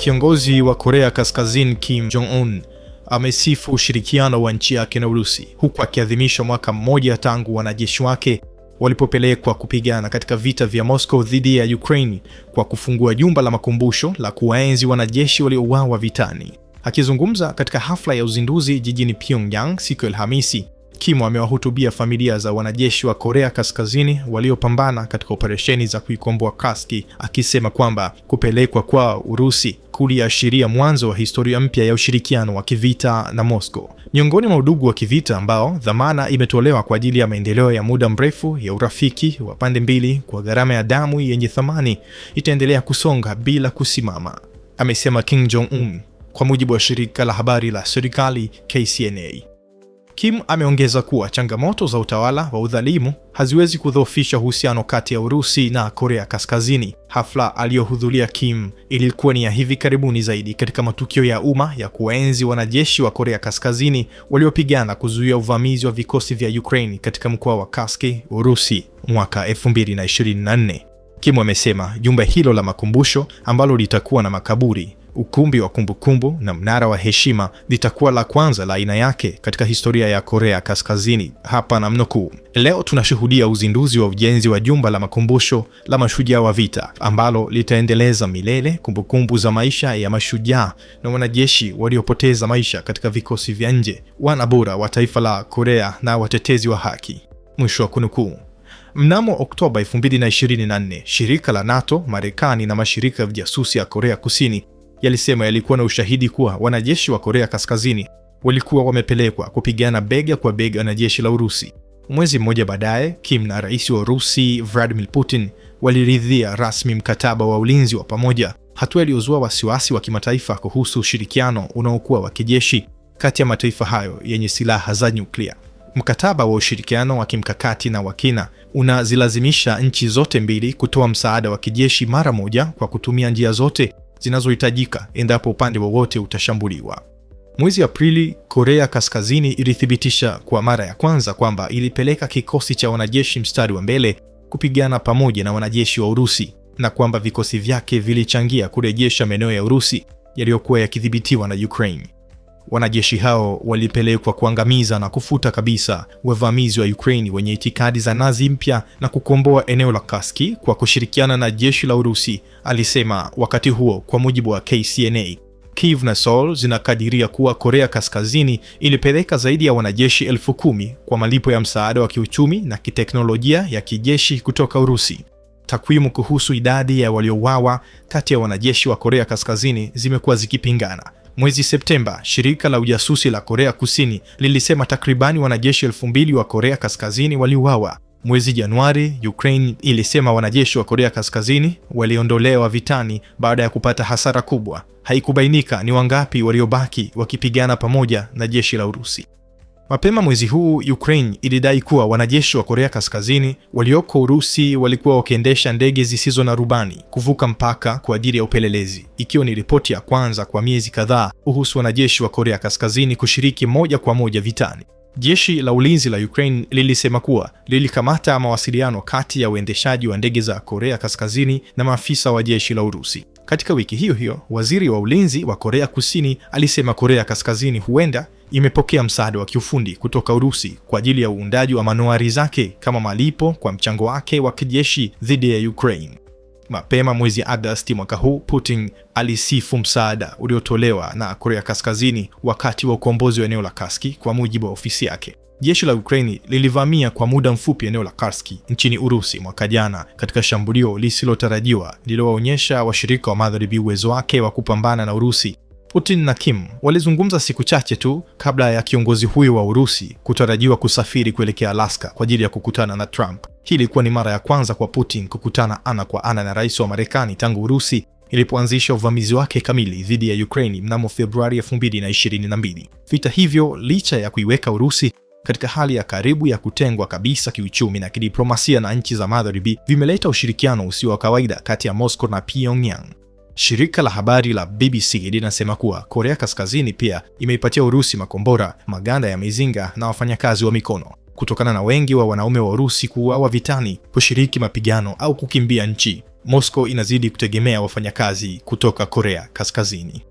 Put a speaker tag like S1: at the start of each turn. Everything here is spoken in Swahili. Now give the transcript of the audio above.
S1: Kiongozi wa Korea Kaskazini Kim Jong Un amesifu ushirikiano wa nchi yake na Urusi huku akiadhimisha mwaka mmoja tangu wanajeshi wake walipopelekwa kupigana katika vita vya Moscow dhidi ya Ukraine kwa kufungua jumba la makumbusho la kuwaenzi wanajeshi waliouawa vitani. Akizungumza katika hafla ya uzinduzi jijini Pyongyang siku ya Alhamisi, Kim amewahutubia familia za wanajeshi wa Korea Kaskazini waliopambana katika operesheni za kuikomboa Kursk, akisema kwamba kupelekwa kwa Urusi kuliashiria mwanzo wa historia mpya ya ushirikiano wa kivita na Moscow. Miongoni mwa udugu wa kivita ambao dhamana imetolewa kwa ajili ya maendeleo ya muda mrefu ya urafiki wa pande mbili kwa gharama ya damu yenye thamani itaendelea kusonga bila kusimama, amesema Kim Jong Un, kwa mujibu wa shirika la habari la serikali KCNA. Kim ameongeza kuwa changamoto za utawala wa udhalimu haziwezi kudhoofisha uhusiano kati ya Urusi na Korea Kaskazini. Hafla aliyohudhuria Kim ilikuwa ni ya hivi karibuni zaidi katika matukio ya umma ya kuwaenzi wanajeshi wa Korea Kaskazini waliopigana kuzuia uvamizi wa vikosi vya Ukraine katika mkoa wa Kursk, Urusi mwaka 2024. Kim amesema jumba hilo la makumbusho ambalo litakuwa na makaburi Ukumbi wa kumbukumbu na mnara wa heshima litakuwa la kwanza la aina yake katika historia ya Korea Kaskazini. Hapa namnukuu: leo tunashuhudia uzinduzi wa ujenzi wa jumba la makumbusho la mashujaa wa vita ambalo litaendeleza milele kumbukumbu za maisha ya mashujaa na wanajeshi waliopoteza maisha katika vikosi vya nje, wanabora wa taifa la Korea na watetezi wa haki. Mwisho wa kunukuu. Mnamo Oktoba 2024 shirika la NATO, Marekani na mashirika ya ujasusi ya Korea Kusini yalisema yalikuwa na ushahidi kuwa wanajeshi wa Korea Kaskazini walikuwa wamepelekwa kupigana bega kwa bega na jeshi la Urusi. Mwezi mmoja baadaye, Kim na rais wa Urusi Vladimir Putin waliridhia rasmi mkataba wa ulinzi wa pamoja, hatua iliyozua wasiwasi wa kimataifa kuhusu ushirikiano unaokuwa wa kijeshi kati ya mataifa hayo yenye silaha za nyuklia. Mkataba wa ushirikiano wa kimkakati na wa kina unazilazimisha nchi zote mbili kutoa msaada wa kijeshi mara moja kwa kutumia njia zote zinazohitajika endapo upande wowote utashambuliwa. Mwezi Aprili, Korea Kaskazini ilithibitisha kwa mara ya kwanza kwamba ilipeleka kikosi cha wanajeshi mstari wa mbele kupigana pamoja na wanajeshi wa Urusi na kwamba vikosi vyake vilichangia kurejesha maeneo ya Urusi yaliyokuwa yakidhibitiwa na Ukraine. Wanajeshi hao walipelekwa kuangamiza na kufuta kabisa wavamizi wa Ukraini wenye itikadi za Nazi mpya na kukomboa eneo la Kaski kwa kushirikiana na jeshi la Urusi, alisema wakati huo, kwa mujibu wa KCNA. Kiev na Seoul zinakadiria kuwa Korea Kaskazini ilipeleka zaidi ya wanajeshi elfu kumi kwa malipo ya msaada wa kiuchumi na kiteknolojia ya kijeshi kutoka Urusi. Takwimu kuhusu idadi ya waliouawa kati ya wanajeshi wa Korea Kaskazini zimekuwa zikipingana. Mwezi Septemba, shirika la ujasusi la Korea Kusini lilisema takribani wanajeshi elfu mbili wa Korea Kaskazini waliuawa. Mwezi Januari, Ukraine ilisema wanajeshi wa Korea Kaskazini waliondolewa vitani baada ya kupata hasara kubwa. Haikubainika ni wangapi waliobaki wakipigana pamoja na jeshi la Urusi. Mapema mwezi huu Ukraine ilidai kuwa wanajeshi wa Korea Kaskazini walioko Urusi walikuwa wakiendesha ndege zisizo na rubani kuvuka mpaka kwa ajili ya upelelezi, ikiwa ni ripoti ya kwanza kwa miezi kadhaa kuhusu wanajeshi wa Korea Kaskazini kushiriki moja kwa moja vitani. Jeshi la ulinzi la Ukraine lilisema kuwa lilikamata mawasiliano kati ya uendeshaji wa ndege za Korea Kaskazini na maafisa wa jeshi la Urusi. Katika wiki hiyo hiyo, waziri wa ulinzi wa Korea Kusini alisema Korea Kaskazini huenda imepokea msaada wa kiufundi kutoka Urusi kwa ajili ya uundaji wa manuari zake kama malipo kwa mchango wake wa kijeshi dhidi ya Ukraine. Mapema mwezi Agosti mwaka huu, Putin alisifu msaada uliotolewa na Korea Kaskazini wakati wa ukombozi wa eneo la Kaski. Kwa mujibu wa ofisi yake, jeshi la Ukraini lilivamia kwa muda mfupi eneo la Kaski nchini Urusi mwaka jana katika shambulio lisilotarajiwa lililowaonyesha washirika wa magharibi uwezo wake wa kupambana na Urusi Putin na Kim walizungumza siku chache tu kabla ya kiongozi huyo wa Urusi kutarajiwa kusafiri kuelekea Alaska kwa ajili ya kukutana na Trump. Hii ilikuwa ni mara ya kwanza kwa Putin kukutana ana kwa ana na rais wa Marekani tangu Urusi ilipoanzisha uvamizi wake kamili dhidi ya Ukraini mnamo Februari 2022. Vita hivyo, licha ya kuiweka Urusi katika hali ya karibu ya kutengwa kabisa kiuchumi na kidiplomasia na nchi za Magharibi, vimeleta ushirikiano usio wa kawaida kati ya Moscow na Pyongyang. Shirika la habari la BBC linasema kuwa Korea Kaskazini pia imeipatia Urusi makombora, maganda ya mizinga na wafanyakazi wa mikono kutokana na wengi wa wanaume wa Urusi kuuawa vitani, kushiriki mapigano au kukimbia nchi. Moscow inazidi kutegemea wafanyakazi kutoka Korea Kaskazini.